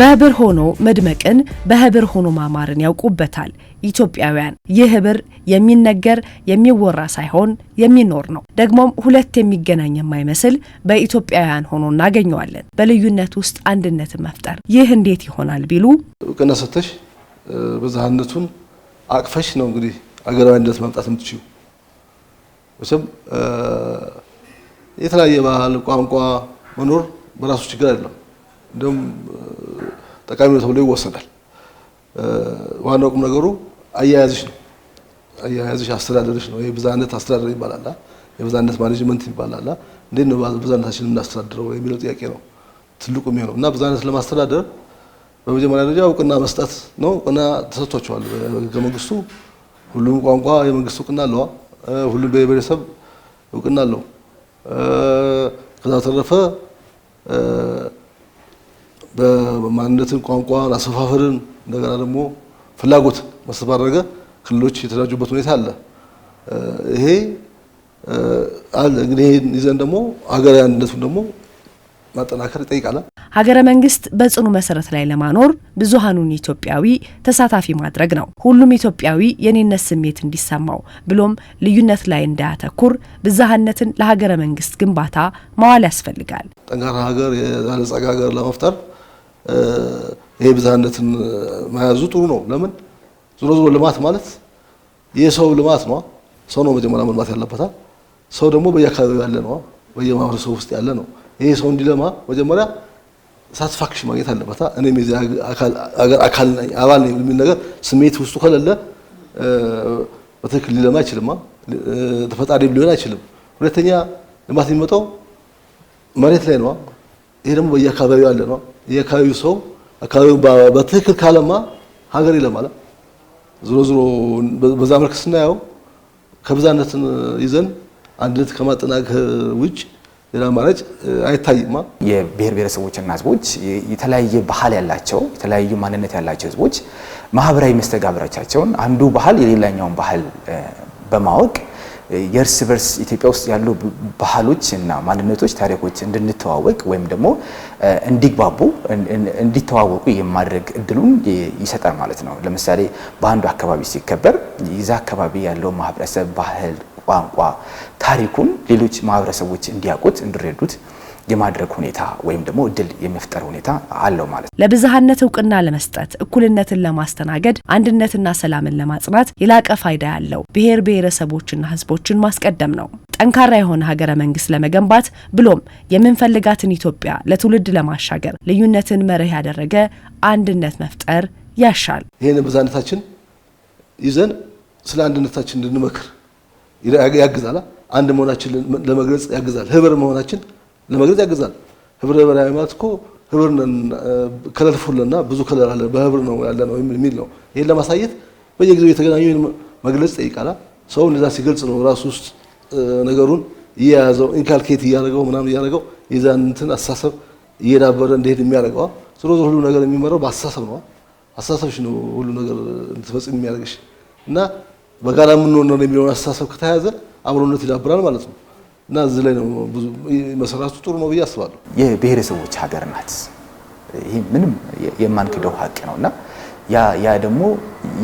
በህብር ሆኖ መድመቅን በህብር ሆኖ ማማርን ያውቁበታል ኢትዮጵያውያን። ይህ ህብር የሚነገር የሚወራ ሳይሆን የሚኖር ነው። ደግሞም ሁለት የሚገናኝ የማይመስል በኢትዮጵያውያን ሆኖ እናገኘዋለን። በልዩነት ውስጥ አንድነትን መፍጠር ይህ እንዴት ይሆናል ቢሉ እውቅና ሰጥተሽ ብዝሃነቱን አቅፈሽ ነው እንግዲህ አገራዊ አንድነት ማምጣት የምትችዩ ም የተለያየ ባህል ቋንቋ መኖር በራሱ ችግር አይደለም። እንደውም ጠቃሚ ነው ተብሎ ይወሰዳል። ዋናው ቁም ነገሩ አያያዝሽ ነው። አያያዝሽ አስተዳደርሽ ነው። የብዝሃነት አስተዳደር ይባላል፣ የብዝሃነት ማኔጅመንት ይባላል። እንዴት ነው ብዝሃነታችን የምናስተዳድረው የሚለው ጥያቄ ነው ትልቁ የሚሆነው እና ብዝሃነት ለማስተዳደር በመጀመሪያ ደረጃ እውቅና መስጠት ነው። እውቅና ተሰጥቷቸዋል በሕገ መንግስቱ። ሁሉም ቋንቋ የመንግስት እውቅና አለዋ። ሁሉም ብሔረሰብ እውቅና አለው። ከዛ በተረፈ በማንነትን፣ ቋንቋን፣ አሰፋፈርን እንደገና ደግሞ ፍላጎት መሰረት ባደረገ ክልሎች የተደራጁበት ሁኔታ አለ። ይሄ አለ እንግዲህ ይዘን ደግሞ ሀገር አንድነቱን ደግሞ ማጠናከር ይጠይቃል። ሀገረ መንግስት በጽኑ መሰረት ላይ ለማኖር ብዙሃኑን ኢትዮጵያዊ ተሳታፊ ማድረግ ነው። ሁሉም ኢትዮጵያዊ የኔነት ስሜት እንዲሰማው ብሎም ልዩነት ላይ እንዳያተኩር ብዝሃነትን ለሀገረ መንግስት ግንባታ ማዋል ያስፈልጋል። ጠንካራ ሀገር፣ የበለጸገ ሀገር ለመፍጠር ይሄ ብዝሃነትን መያዙ ጥሩ ነው። ለምን ዞሮ ዞሮ ልማት ማለት የሰው ልማት ነው። ሰው ነው መጀመሪያ መልማት ያለበታል። ሰው ደግሞ በየአካባቢው ያለ ነው፣ በየማህበረሰቡ ውስጥ ያለ ነው። ይሄ ሰው እንዲለማ መጀመሪያ ሳትስፋክሽን ማግኘት አለበታ። እኔም የዚህ አገር አካል ነኝ አባል ነኝ የሚል ነገር ስሜት ውስጡ ከሌለ በትክክል ሊለማ አይችልማ፣ ተፈጣሪም ሊሆን አይችልም። ሁለተኛ ልማት የሚመጣው መሬት ላይ ነዋ። ይሄ ደግሞ በየአካባቢው ያለ ነው። የአካባቢው ሰው አካባቢው በትክክል ካለማ ሀገር ይለማል። ዝሮ ዝሮ በዛ መልክ ስናየው ከብዛነትን ይዘን አንድነት ከማጠናከር ውጭ ሌላ አማራጭ አይታይማ። የብሔር ብሔረሰቦችና ህዝቦች የተለያየ ባህል ያላቸው የተለያዩ ማንነት ያላቸው ህዝቦች ማህበራዊ መስተጋብሮቻቸውን አንዱ ባህል የሌላኛውን ባህል በማወቅ የእርስ በርስ ኢትዮጵያ ውስጥ ያሉ ባህሎች እና ማንነቶች፣ ታሪኮች እንድንተዋወቅ ወይም ደግሞ እንዲግባቡ እንዲተዋወቁ የማድረግ እድሉን ይሰጣል ማለት ነው። ለምሳሌ በአንዱ አካባቢ ሲከበር ይዛ አካባቢ ያለው ማህበረሰብ ባህል፣ ቋንቋ፣ ታሪኩን ሌሎች ማህበረሰቦች እንዲያውቁት እንዲረዱት የማድረግ ሁኔታ ወይም ደግሞ እድል የመፍጠር ሁኔታ አለው ማለት ነው። ለብዝሃነት እውቅና ለመስጠት እኩልነትን ለማስተናገድ አንድነትና ሰላምን ለማጽናት የላቀ ፋይዳ ያለው ብሔር ብሔረሰቦችና ህዝቦችን ማስቀደም ነው። ጠንካራ የሆነ ሀገረ መንግስት ለመገንባት ብሎም የምንፈልጋትን ኢትዮጵያ ለትውልድ ለማሻገር ልዩነትን መርህ ያደረገ አንድነት መፍጠር ያሻል። ይህን ብዝሃነታችን ይዘን ስለ አንድነታችን እንድንመክር ያግዛል። አንድ መሆናችን ለመግለጽ ያግዛል። ህብር መሆናችን ለመግለጽ ያግዛል። ህብረ ብሔራዊ ማለት እኮ ህብር ከለርፉልና ብዙ ከለር አለ በህብር ነው ያለ ነው የሚል ነው። ይህን ለማሳየት በየጊዜው የተገናኙ መግለጽ ጠይቃላ። ሰው እንደዛ ሲገልጽ ነው ራሱ ውስጥ ነገሩን እየያዘው ኢንካልኬት እያደረገው ምናምን እያደረገው የዛን እንትን አስተሳሰብ እየዳበረ እንዲሄድ የሚያደርገዋ። ዞሮ ዞሮ ሁሉ ነገር የሚመራው በአስተሳሰብ ነው። አስተሳሰብሽ ነው ሁሉ ነገር እንድትፈጽም የሚያደርግሽ እና በጋራ የምንሆን ነው የሚለውን አስተሳሰብ ከተያዘ አብሮነት ይዳብራል ማለት ነው። እና እዚህ ላይ ነው ብዙ መሰራቱ ጥሩ ነው ብዬ አስባለሁ። የብሔረሰቦች ሀገር ናት። ይህ ምንም የማንክደው ሀቅ ነው እና ያ ደግሞ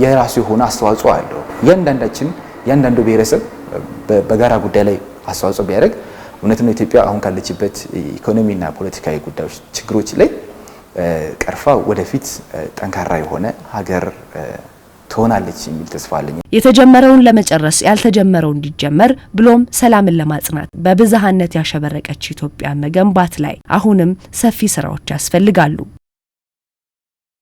የራሱ የሆነ አስተዋጽኦ አለው። እያንዳንዳችን እያንዳንዱ ብሔረሰብ በጋራ ጉዳይ ላይ አስተዋጽኦ ቢያደርግ እውነት ነው ኢትዮጵያ አሁን ካለችበት ኢኮኖሚና ፖለቲካዊ ጉዳዮች ችግሮች ላይ ቀርፋ ወደፊት ጠንካራ የሆነ ሀገር ትሆናለች የሚል ተስፋ አለኝ። የተጀመረውን ለመጨረስ ያልተጀመረው እንዲጀመር ብሎም ሰላምን ለማጽናት በብዝሃነት ያሸበረቀች ኢትዮጵያ መገንባት ላይ አሁንም ሰፊ ስራዎች ያስፈልጋሉ።